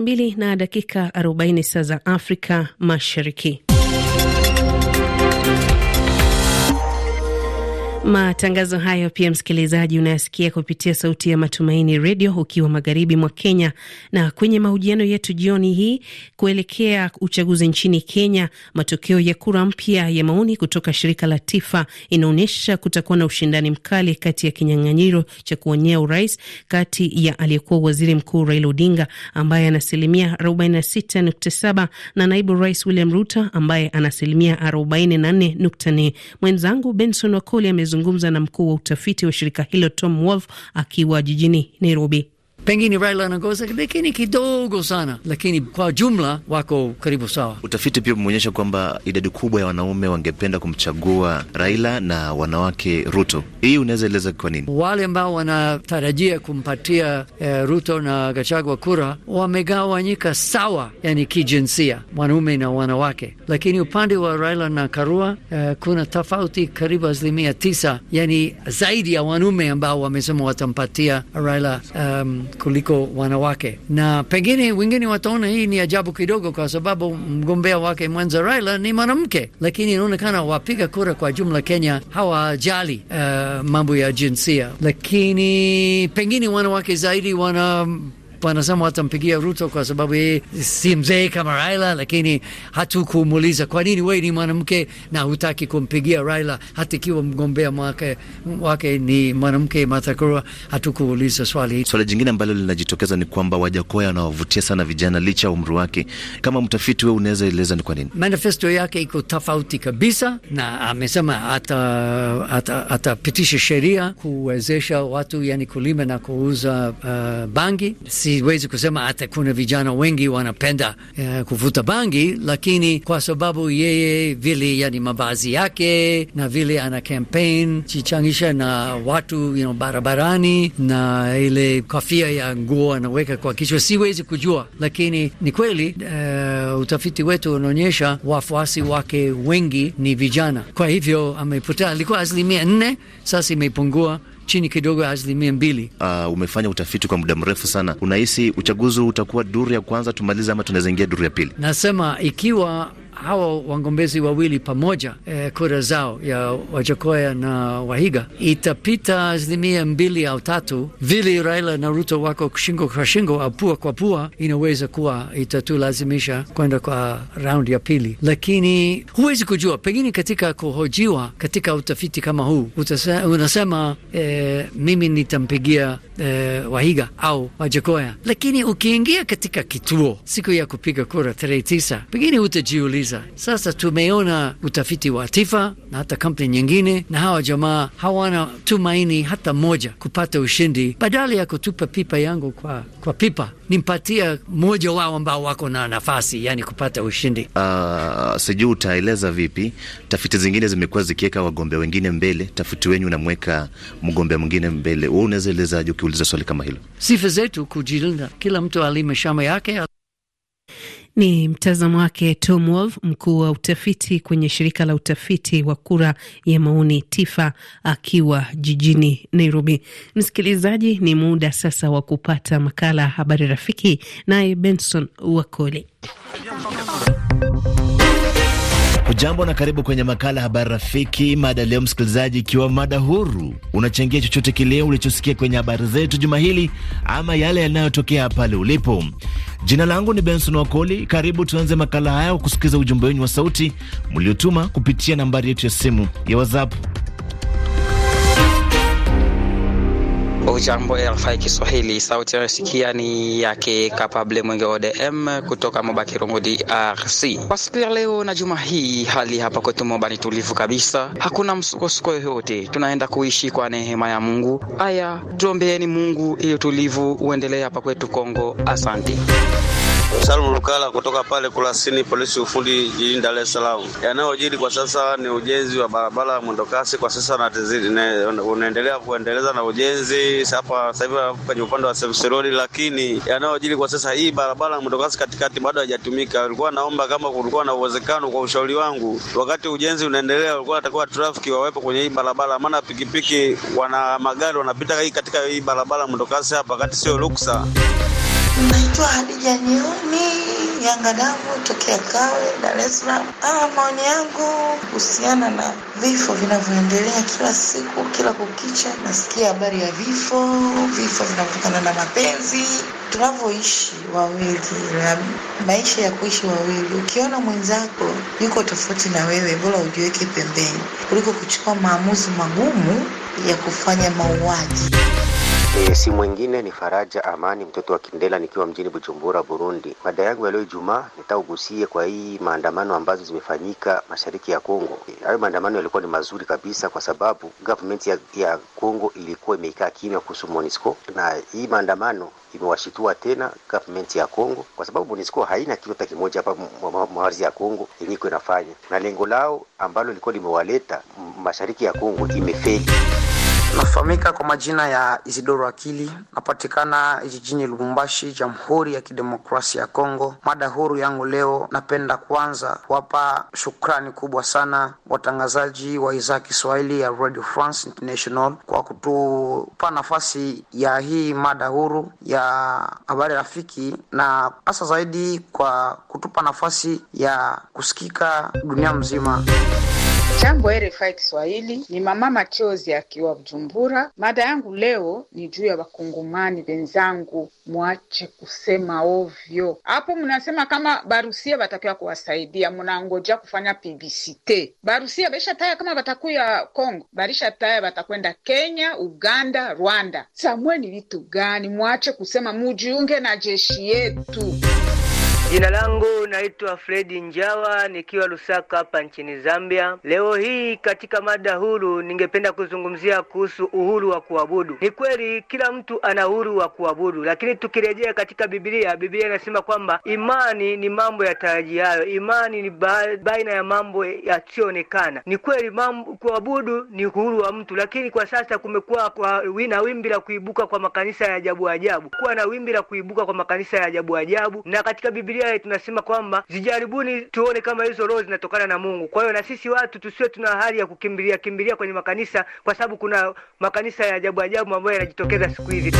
mbili na dakika 40 saa za Afrika Mashariki. Matangazo hayo pia, msikilizaji, unayasikia kupitia Sauti ya Matumaini Redio ukiwa magharibi mwa Kenya. Na kwenye mahojiano yetu jioni hii, kuelekea uchaguzi nchini Kenya, matokeo ya kura mpya ya maoni kutoka shirika la TIFA inaonyesha kutakuwa na ushindani mkali kati ya kinyang'anyiro cha kuonyea urais kati ya aliyekuwa waziri mkuu Raila Odinga ambaye ana asilimia 46.7 na naibu rais William Ruto ambaye ana asilimia 44.4. Mwenzangu Benson Wakoli amezungumza na mkuu wa utafiti wa shirika hilo Tom Wolf akiwa jijini Nairobi pengine Raila anaongoza lakini kidogo sana, lakini kwa jumla wako karibu sawa. Utafiti pia umeonyesha kwamba idadi kubwa ya wanaume wangependa kumchagua Raila na wanawake Ruto. Hii unaweza eleza kwa nini? Wale ambao wanatarajia kumpatia eh, Ruto na Gachagua kura wamegawanyika sawa, yani kijinsia, wanaume na wanawake, lakini upande wa Raila na Karua eh, kuna tofauti karibu asilimia tisa, yani zaidi ya wanaume ambao wamesema watampatia Raila um, kuliko wanawake, na pengine wengine wataona hii ni ajabu kidogo, kwa sababu mgombea wake mwenza Raila ni mwanamke, lakini inaonekana wapiga kura kwa jumla Kenya hawajali uh, mambo ya jinsia, lakini pengine wanawake zaidi wana wanasema watampigia Ruto kwa sababu yeye si mzee kama Raila, lakini hatukumuuliza kwa nini wewe ni mwanamke na hutaki kumpigia Raila, hata ikiwa mgombea wake ni mwanamke Martha Karua. Hatukuuliza swali. Swali jingine ambalo linajitokeza ni kwamba Wajakoya anawavutia sana vijana licha ya umri wake. Kama mtafiti, wewe unaweza eleza ni kwa nini manifesto yake iko tofauti kabisa, na amesema atapitisha sheria kuwezesha watu yani kulima na kuuza uh, bangi si siwezi kusema hata kuna vijana wengi wanapenda eh, kuvuta bangi, lakini kwa sababu yeye vile, yani mavazi yake na vile ana campaign chichangisha na watu you know, barabarani na ile kofia ya nguo anaweka kwa kichwa, siwezi kujua, lakini ni kweli eh, utafiti wetu unaonyesha wafuasi wake wengi ni vijana. Kwa hivyo amepotea, alikuwa asilimia nne, sasa imepungua chini kidogo ya asilimia mbili. Uh, umefanya utafiti kwa muda mrefu sana, unahisi uchaguzi utakuwa duru ya kwanza tumalize ama tunaweza ingia duru ya pili? Nasema ikiwa hawa wagombezi wawili pamoja e, kura zao ya Wajakoya na Wahiga itapita asilimia mbili au tatu. vili Raila na Ruto wako shingo kwa shingo, apua kwa pua, inaweza kuwa itatulazimisha kwenda kwa raundi ya pili, lakini huwezi kujua. Pengine katika kuhojiwa katika utafiti kama huu utase, unasema e, mimi nitampigia e, Wahiga au Wajakoya, lakini ukiingia katika kituo siku ya kupiga kura tarehe tisa, pengine utajiuliza kuuliza. Sasa tumeona utafiti wa TIFA na hata kampuni nyingine, na hawa jamaa hawana tumaini hata moja kupata ushindi. Badala ya kutupa pipa yangu kwa, kwa pipa, nimpatia mmoja wao ambao wako na nafasi, yani kupata ushindi. Uh, sijui utaeleza vipi. Tafiti zingine zimekuwa zikiweka wagombea wengine mbele, tafiti wenyu unamweka mgombea mwingine mbele. Wewe unaweza elezaje ukiuliza swali kama hilo? Sifa zetu kujilinda, kila mtu alime shamba yake. Ni mtazamo wake Tom Wolf, mkuu wa utafiti kwenye shirika la utafiti wa kura ya maoni TIFA, akiwa jijini Nairobi. Msikilizaji, ni muda sasa wa kupata makala Habari Rafiki, naye Benson Wakoli Hujambo na karibu kwenye makala habari rafiki, mada leo msikilizaji, ikiwa mada huru, unachangia chochote kileo ulichosikia kwenye habari zetu juma hili ama yale yanayotokea pale ulipo. Jina langu ni Benson Wakoli. Karibu tuanze makala haya kwa kusikiliza ujumbe wenyu wa sauti mliotuma kupitia nambari yetu ya simu ya WhatsApp Ujambo RFI Kiswahili, sauti yanayosikia ni yake Kapable Mwenge wa ODM kutoka Moba Kirungu, DRC. Kwa siku ya leo na juma hii, hali hapa kwetu Moba ni tulivu kabisa, hakuna msukosuko yoyote, tunaenda kuishi kwa neema ya Mungu. Aya, tuombeeni Mungu ili utulivu uendelee hapa kwetu Kongo. Asante. Salum Lukala kutoka pale Kurasini, polisi ufundi jijini Dar es Salaam. Yanayojiri kwa sasa ni ujenzi wa barabara mwendokasi kwa sasa unaendelea kuendeleza na ujenzi hapa sasa hivi kwenye upande wa Semseroli, lakini yanayojiri kwa sasa hii barabara mwendokasi katikati bado haijatumika. Ulikuwa naomba kama kulikuwa na uwezekano, kwa ushauri wangu, wakati ujenzi unaendelea, walikuwa natakiwa trafiki wawepo kwenye hii barabara, maana pikipiki wana magari wanapita hii katika hii barabara mwendokasi hapa, wakati sio ruksa. Naitwa Hadija Nyoni Yanga Damu tokea Kawe, Dar es Salaam. Ah, maoni yangu kuhusiana na vifo vinavyoendelea kila siku, kila kukicha, nasikia habari ya vifo, vifo vinavyotokana na mapenzi tunavyoishi wawili na maisha ya kuishi wawili. Ukiona mwenzako yuko tofauti na wewe, bora ujiweke pembeni kuliko kuchukua maamuzi magumu ya kufanya mauaji. E, si mwingine ni Faraja Amani mtoto wa Kindela nikiwa mjini Bujumbura, Burundi. Mada yangu ya leo Ijumaa nitaugusie kwa hii maandamano ambazo zimefanyika mashariki ya Kongo. E, hayo e, maandamano yalikuwa ni mazuri kabisa kwa sababu government ya, ya Kongo ilikuwa imeikaa kimya kuhusu Monisco na hii maandamano imewashitua tena government ya Kongo kwa sababu Monisco haina kitu hata kimoja hapa mawazi ya Kongo iko inafanya, na lengo lao ambalo lilikuwa limewaleta mashariki ya Kongo imefeli. Nafahamika kwa majina ya Isidoro Akili, napatikana jijini Lubumbashi, Jamhuri ya Kidemokrasia ya Kongo. Mada huru yangu leo, napenda kwanza kuwapa shukrani kubwa sana watangazaji wa idhaa Kiswahili ya Radio France International kwa kutupa nafasi ya hii mada huru ya habari rafiki, na hasa zaidi kwa kutupa nafasi ya kusikika dunia mzima. Jambo RFI Kiswahili, ni mama machozi akiwa Bujumbura. Mada yangu leo ni juu ya wakungumani wenzangu, mwache kusema ovyo. Hapo mnasema kama barusia batakiwa kuwasaidia, mnangoja kufanya publicite. Barusia baisha taya kama batakuya Kongo, barisha taya watakwenda Kenya, Uganda, Rwanda. Samwe ni vitu gani? Mwache kusema, mujiunge na jeshi yetu. Jina langu naitwa Fredi Njawa nikiwa Lusaka hapa nchini Zambia. Leo hii katika mada huru ningependa kuzungumzia kuhusu uhuru wa kuabudu. Ni kweli kila mtu ana uhuru wa kuabudu, lakini tukirejea katika Biblia, Biblia inasema kwamba imani ni mambo ya yayo imani ni baina ya mambo yasiyoonekana. Ni kweli mambo kuabudu ni uhuru wa mtu, lakini kwa sasa kumekuwa kwa na wimbi la kuibuka kwa makanisa ya ajabu ajabu, kuwa na wimbi la kuibuka kwa makanisa ya ajabu ajabu, na katika Biblia Biblia tunasema kwamba zijaribuni, tuone kama hizo roho zinatokana na Mungu. Kwa hiyo na sisi watu tusiwe tuna hali ya kukimbilia kimbilia kwenye makanisa, kwa sababu kuna makanisa ya ajabu ajabu ambayo yanajitokeza siku hizi.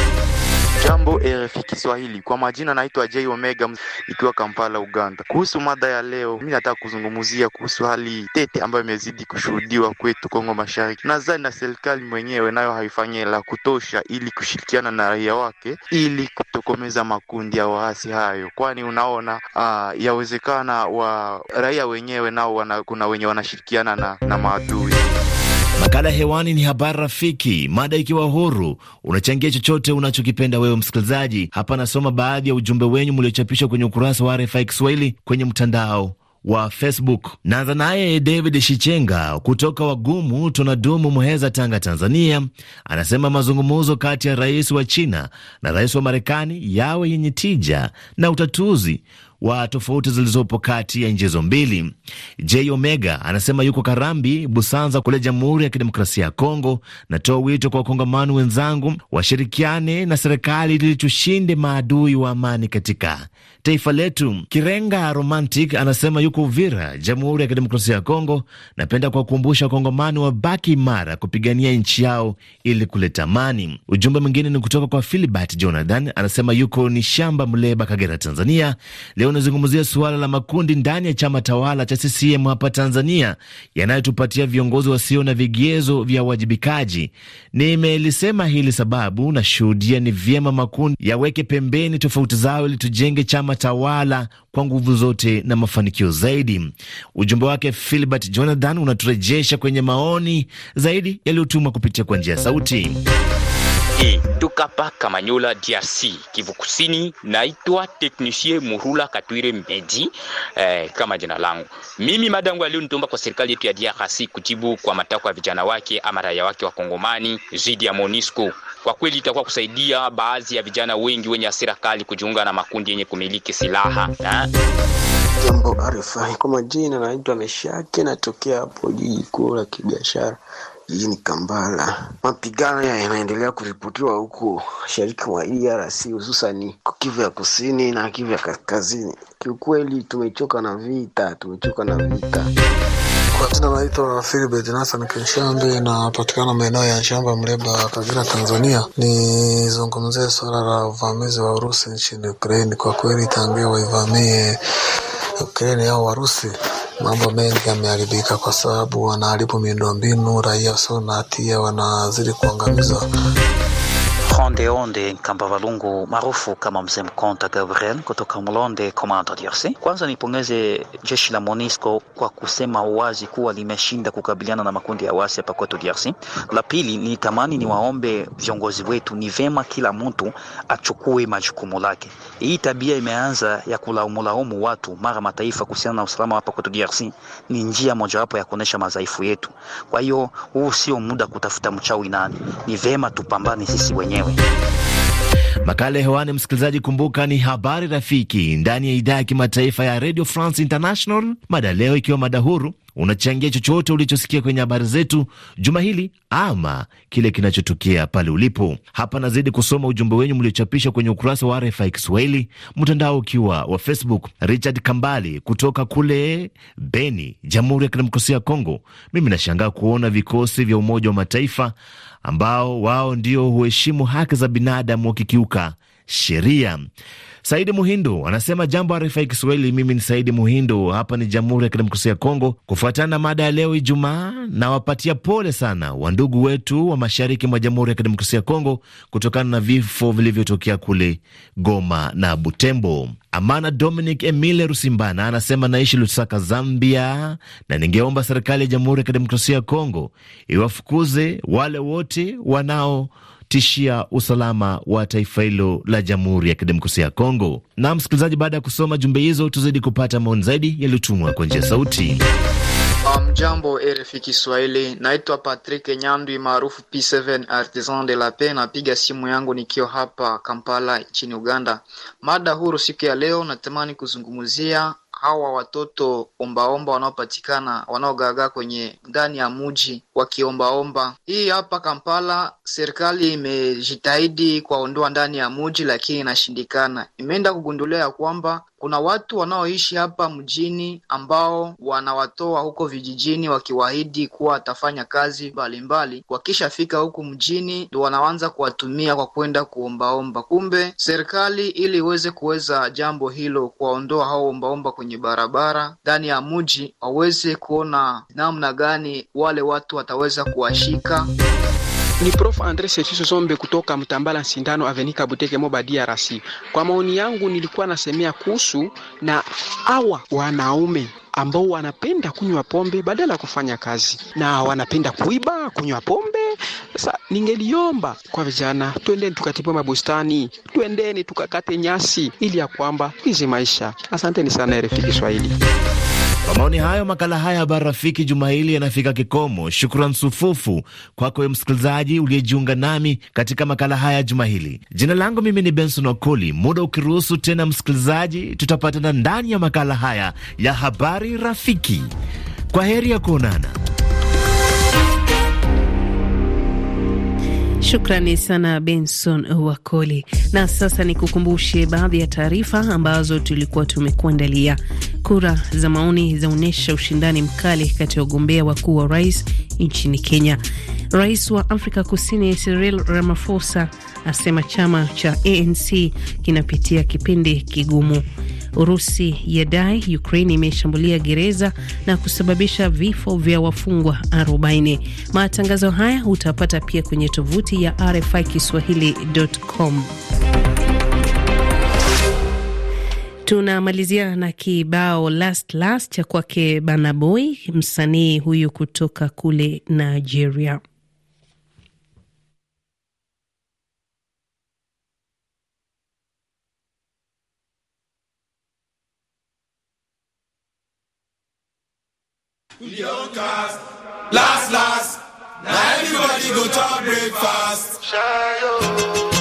Jambo RFI Kiswahili, kwa majina naitwa J Omega ikiwa Kampala, Uganda. Kuhusu mada ya leo, mimi nataka kuzungumzia kuhusu hali tete ambayo imezidi kushuhudiwa kwetu Kongo Mashariki. Nadhani na serikali mwenyewe nayo haifanyi la kutosha ili kushirikiana na raia wake ili kutokomeza makundi ya waasi hayo, kwani unaona uh, yawezekana wa raia wenyewe nao wana, kuna wenye wanashirikiana na, na maadui. Makala hewani ni habari rafiki, mada ikiwa huru, unachangia chochote unachokipenda wewe msikilizaji. Hapa nasoma baadhi ya ujumbe wenyu mliochapishwa kwenye ukurasa wa RFI Kiswahili kwenye mtandao wa Facebook. Naanza naye David Shichenga kutoka Wagumu tunadumu, Muheza, Tanga, Tanzania, anasema mazungumzo kati ya rais wa China na rais wa Marekani yawe yenye tija na utatuzi wa tofauti zilizopo kati ya nchi hizo mbili. J Omega anasema yuko Karambi, Busanza kule Jamhuri ya Kidemokrasia ya Kongo. Natoa wito kwa wakongamano wenzangu washirikiane na serikali ili tushinde maadui wa amani katika taifa letu. Kirenga Romantic anasema yuko Uvira, Jamhuri ya Kidemokrasia ya Kongo. Napenda kuwakumbusha Wakongomani wabaki imara kupigania nchi yao ili kuleta amani. Ujumbe mwingine ni kutoka kwa Filibert Jonathan, anasema yuko ni shamba Mleba, Kagera, Tanzania. Leo unazungumzia suala la makundi ndani ya chama tawala cha CCM hapa Tanzania yanayotupatia viongozi wasio na vigezo vya uwajibikaji. Nimelisema hili sababu nashuhudia ni vyema makundi yaweke pembeni tofauti zao ili tujenge chama chama tawala kwa nguvu zote na mafanikio zaidi. Ujumbe wake Philbert Jonathan unaturejesha kwenye maoni zaidi yaliyotumwa kupitia kwa njia ya sauti. E, Tukapa Kamanyola, DRC, Kivu Kusini. Naitwa teknisie Murula Katwire Meji, eh, kama jina langu mimi. Madangu nitomba kwa serikali yetu ya DRC kujibu kwa matakwa ya vijana wake ama raia wake wa Kongomani zidi ya Monisco kwa kweli itakuwa kusaidia baadhi ya vijana wengi wenye hasira kali kujiunga na makundi yenye kumiliki silaha ha? Jambo RFI, kwa majina naitwa Meshake, natokea hapo jiji kuu la kibiashara jijini Kambala. Mapigano yanaendelea kuripotiwa huku shariki mwa DRC, hususani Kivu ya kusini na Kivu ya kaskazini. Kiukweli tumechoka na vita, tumechoka na vita. Kwa jina naitwa Philibert Hassan Kinshambi, napatikana maeneo ya shamba Mleba, Kagera, Tanzania. Nizungumzie suala la uvamizi wa Urusi nchini Ukraini. Kwa kweli tangia waivamie Ukraini au Warusi mambo mengi yameharibika, kwa sababu wanaharibu miundombinu, raia sio na hatia wanazidi kuangamizwa. Fronde Onde in Kambavalungu maarufu kama Mzee Mkonta Gabriel kutoka Mlonde Komando, DRC. Kwanza nipongeze jeshi la Monisco kwa kusema wazi kuwa limeshinda kukabiliana na makundi ya wasi hapa kwetu DRC. La pili ni tamani ni waombe viongozi wetu, ni vema kila mtu achukue majukumu lake. Hii tabia imeanza ya kulaumulaumu watu mara mataifa kuhusiana na usalama hapa kwetu DRC ni njia mojawapo ya kuonesha madhaifu yetu. Kwa hiyo huu sio muda kutafuta mchawi nani, ni vema tupambane sisi wenyewe mwenyewe. Makala ya hewani, msikilizaji, kumbuka ni habari rafiki ndani ya idhaa ya kimataifa ya Radio France International, mada leo ikiwa mada huru unachangia chochote ulichosikia kwenye habari zetu juma hili ama kile kinachotokea pale ulipo. Hapa nazidi kusoma ujumbe wenyu mliochapisha kwenye ukurasa wa RFI Kiswahili, mtandao ukiwa wa Facebook. Richard Kambali kutoka kule Beni, Jamhuri ya Kidemokrasia ya Kongo: mimi nashangaa kuona vikosi vya Umoja wa Mataifa ambao wao ndio huheshimu haki za binadamu wakikiuka sheria. Saidi Muhindu anasema jambo RFI Kiswahili. Mimi ni Saidi Muhindu, hapa ni Jamhuri ya Kidemokrasia ya Kongo, kufuatana na mada ya leo Ijumaa. Nawapatia pole sana wandugu wetu wa mashariki mwa Jamhuri ya Kidemokrasia ya Kongo kutokana na vifo vilivyotokea kule Goma na Butembo. Amana Dominic Emile Rusimbana anasema naishi Lusaka, Zambia, na ningeomba serikali ya Jamhuri ya Kidemokrasia ya Kongo iwafukuze wale wote wanao kutishia usalama wa taifa hilo la Jamhuri ya Kidemokrasia ya Kongo. Na msikilizaji, baada ya kusoma jumbe hizo, tuzidi kupata maoni zaidi yaliyotumwa kwa njia sauti. Mjambo RFI Kiswahili, naitwa Patrick Nyandwi maarufu P7 Artisan de la Paix. Napiga simu yangu nikiwa hapa Kampala nchini Uganda. Mada huru siku ya leo, natamani kuzungumzia hawa watoto ombaomba wanaopatikana wanaogaagaa kwenye ndani ya mji wakiombaomba. Hii hapa Kampala, serikali imejitahidi kuwaondoa ndani ya muji lakini inashindikana. Imeenda kugundulia ya kwamba kuna watu wanaoishi hapa mjini ambao wanawatoa huko vijijini wakiwaahidi kuwa watafanya kazi mbalimbali, wakishafika huku mjini ndo wanaanza kuwatumia kwa kwenda kuombaomba. Kumbe serikali ili iweze kuweza jambo hilo, kuwaondoa hao ombaomba kwenye barabara ndani ya mji, waweze kuona namna gani wale watu wataweza kuwashika. Ni Prof Andre Sergiso Sombe kutoka Mtambala Sindano Avenika Buteke Moba DRC. Kwa maoni yangu nilikuwa nasemea kuhusu na awa wanaume ambao wanapenda kunywa pombe badala ya kufanya kazi na wanapenda kuiba, kunywa pombe. Sasa ningeliomba kwa vijana, twendeni tukatipe mabustani, twendeni tukakate nyasi, ili ya kwamba hizi maisha. Asanteni sana RFI Kiswahili. Kwa maoni hayo, makala haya habari rafiki juma hili yanafika kikomo. Shukran sufufu kwako wewe msikilizaji uliyejiunga nami katika makala haya juma hili. Jina langu mimi ni Benson Okoli. Muda ukiruhusu tena, msikilizaji, tutapatana ndani ya makala haya ya habari rafiki. Kwa heri ya kuonana. Shukrani sana Benson Wakoli. Na sasa ni kukumbushe baadhi ya taarifa ambazo tulikuwa tumekuandalia. Kura za maoni zaonyesha ushindani mkali kati ya wagombea wakuu wa rais nchini Kenya. Rais wa Afrika Kusini Cyril Ramaphosa asema chama cha ANC kinapitia kipindi kigumu. Urusi yadai Ukraini imeshambulia gereza na kusababisha vifo vya wafungwa 40. Matangazo haya utapata pia kwenye tovuti ya RFI Kiswahili.com. Tunamalizia na kibao last last cha kwake Banaboy, msanii huyu kutoka kule Nigeria. Your cast. Last, last. Now everybody go to breakfast. Shayo.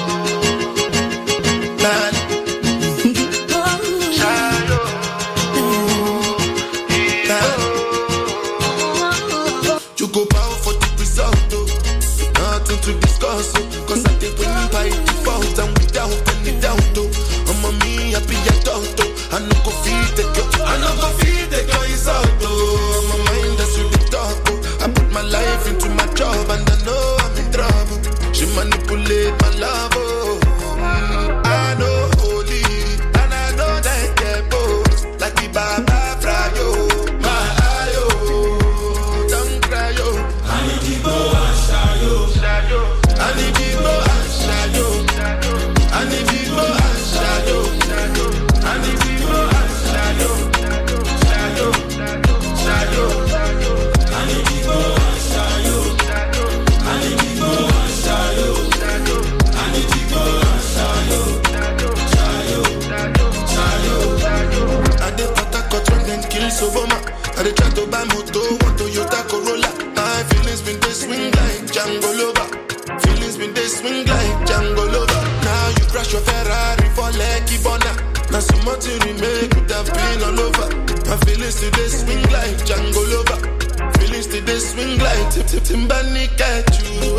Feelings to this swing like jungle Lover. Feelings to this swing like Tip Tip Timbani, catch you,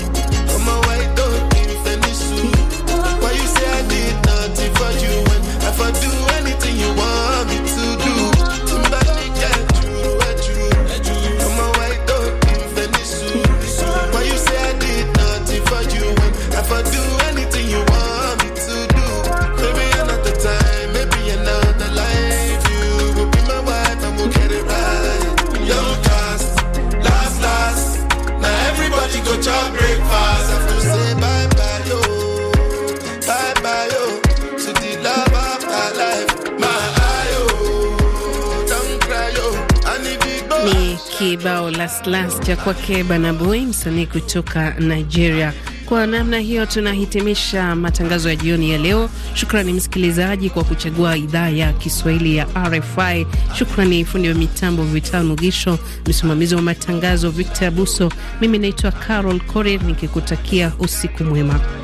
at you. kibao last last cha kwake Boy, msanii kutoka Nigeria. Kwa namna hiyo tunahitimisha matangazo ya jioni ya leo. Shukrani msikilizaji kwa kuchagua idhaa ya Kiswahili ya RFI. Shukrani fundi wa mitambo vital mugisho msimamizi wa matangazo Victor Buso. Mimi naitwa Carol core nikikutakia usiku mwema.